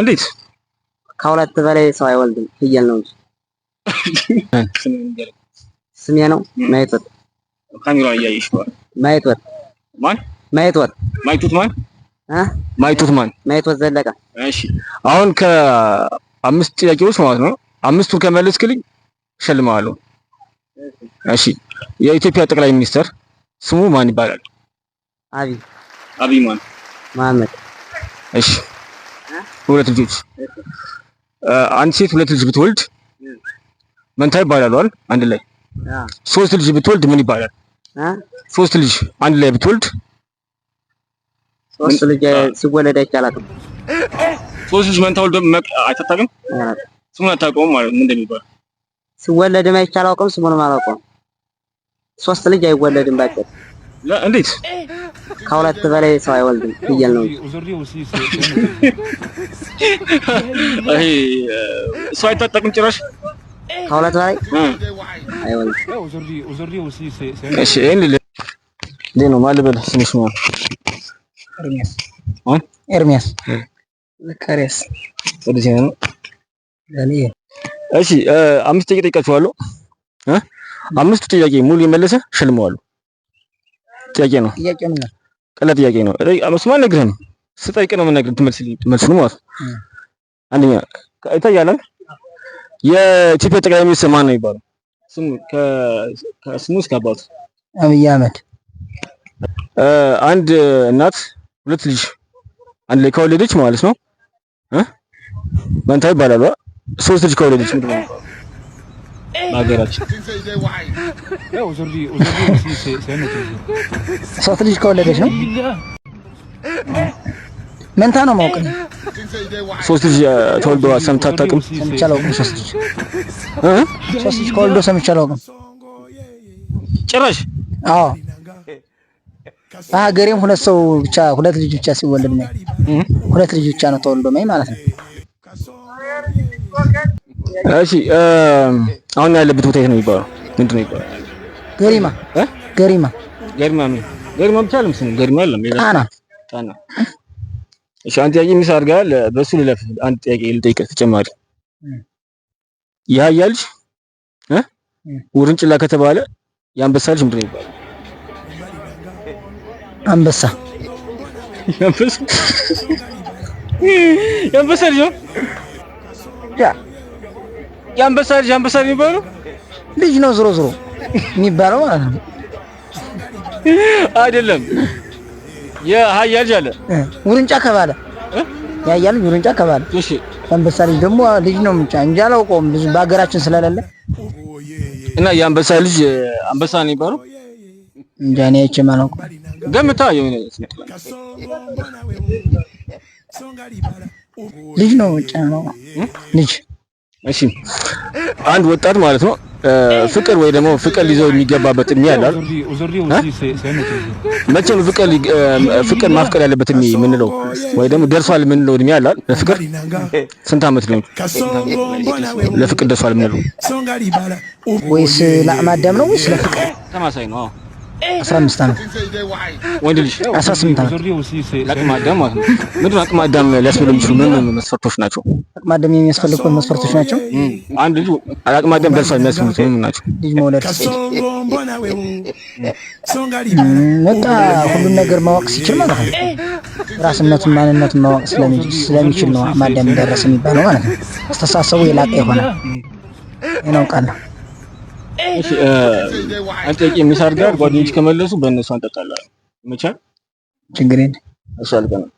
እንዴት ከሁለት በላይ ሰው አይወልድም። ፍየል ነው እንጂ ስሜ ነው። ማየት ወጥ ካሜራ እያየሽ ነው። ማየት ወጥ ማን? ማየት ወጥ ማይቱት ማን? አህ ማይቱት ማን? ማየት ወጥ ዘለቀ። እሺ አሁን ከአምስት ጥያቄዎች ማለት ነው አምስቱን ከመለስክልኝ እሸልምሃለሁ። እሺ የኢትዮጵያ ጠቅላይ ሚኒስትር ስሙ ማን ይባላል? አቢ አቢ ማን? መሀመድ። እሺ ሁለት ልጆች አንድ ሴት ሁለት ልጅ ብትወልድ መንታ ይባላሉ አይደል? አንድ ላይ ሶስት ልጅ ብትወልድ ምን ይባላል? ሶስት ልጅ አንድ ላይ ብትወልድ ሶስት ልጅ ሲወለድ አይቻላት። ሶስት ልጅ መንታ ወልዶ አይታጣቅም። ስሙን አታውቀውም ማለት ምን እንደሚባል ሲወለድም አይቻላውቅም አውቅም። ስሙንም አላውቀውም። ሶስት ልጅ አይወለድም ባጭር እንዴት ከሁለት በላይ ሰው አይወልድም ፍየል ነው አይ ሰው አይታጠቅም ጭራሽ ከሁለት በላይ አይወልድም እሺ ነው ማን ስምሽ ማን ኤርሚያስ ዘካሪያስ ወደዚህ ነው ዳንኤል እሺ አምስት ጥያቄ ጠይቃችኋለሁ አምስቱ ጥያቄ ሙሉ የመለሰ ሸልመዋለሁ ጥያቄ ነው ጥያቄ ቀላል ጥያቄ ነው። እሱማ ነግረን ስጠይቅ ነው የምነግርህ። ትመልስልኝ ትመልስ ነው ማለት አንደኛ ይታያል። የኢትዮጵያ ጠቅላይ ሚኒስትር ማን ነው የሚባለው? ስሙ ከስሙ እስከ አባቱ አብይ አህመድ። አንድ እናት ሁለት ልጅ አንድ ላይ ከወለደች ማለት ነው መንታ ይባላሉ። ሶስት ልጅ ከወለደች ምንድን ነው በሀገራችን ሶስት ልጅ ከወለደች ነው። መንታ ነው ማወቅ ሶስት ልጅ ተወልዶ ሰምተህ አታውቅም? ሰምቼ አላውቅም። ሶስት ልጅ ሶስት ልጅ ሰምቼ አላውቅም ጭራሽ። አዎ በሀገሬም ሁለት ሰው ብቻ ሁለት ልጅ ብቻ ሲወለድ ነው። ሁለት ልጅ ብቻ ነው ተወልዶ ማለት ነው። እሺ አሁን ያለበት ቦታ የት ነው የሚባለው? ምንድን ነው የሚባለው? ገሪማ እ ገሪማ ገሪማ ምን ገሪማ ብቻ አለም ስሙ ገሪማ አለም ጣና ጣና። እሺ አንድ ጥያቄ ሚስ አድርገሃል። በእሱ ልለፍ። አንድ ጥያቄ ልጠይቅህ ተጨማሪ። የአህያ ልጅ እ ውርንጭላ ከተባለ የአንበሳ ልጅ ምንድን ነው የሚባለው? አንበሳ የአንበሳ ልጅ ነው ያ የአንበሳ ልጅ አንበሳ የሚባለው ልጅ ነው ዝሮ ዝሮ የሚባለው ማለት ነው። አይደለም የአህያ ልጅ አለ ውርንጫ ከባለ የአህያ ልጅ ውርንጫ ከባለ። እሺ የአንበሳ ልጅ ደግሞ ልጅ ነው ብቻ እንጂ አላውቀውም ብዙ በሀገራችን ስለሌለ እና የአንበሳ ልጅ አንበሳ ነው የሚባለው እንጃ እኔ አይቼም አላውቅም። ገምታ የሆነ ልጅ ነው ብቻ ነው ልጅ እሺ አንድ ወጣት ማለት ነው ፍቅር ወይ ደግሞ ፍቅር ሊይዘው የሚገባበት እድሜ ያላል። መቼም ፍቅር ፍቅር ማፍቀር ያለበት እድሜ የምንለው ወይ ደግሞ ደርሷል የምንለው እድሜ ያላል። ፍቅር ስንት አመት ነው ለፍቅር ደርሷል የምንለው? ወይስ ለአማዳም ነው ወይስ ለፍቅር ተማሳይ ነው? አስራ አቅመ አዳም የሚችሉ ምን መስፈርቶች ናቸው? አቅመ አዳም መስፈርቶች ናቸው። አንድ ልጅ አቅመ አዳም ደርሷል ምን ናቸው? ልጅ መውለድ በቃ ሁሉን ነገር ማወቅ ሲችል ማለት ነው። ራስነቱን ማንነቱን ማወቅ ስለሚችል ነው አቅመ አዳም ደረሰ የሚባለው ማለት ነው። አስተሳሰቡ የላቀ የሆነ ይህን አንተ ምሳር ጋር ጓደኞች ከመለሱ በእነሱ አንጠጣላል። መቻል ችግሬን እሱ አልቀንም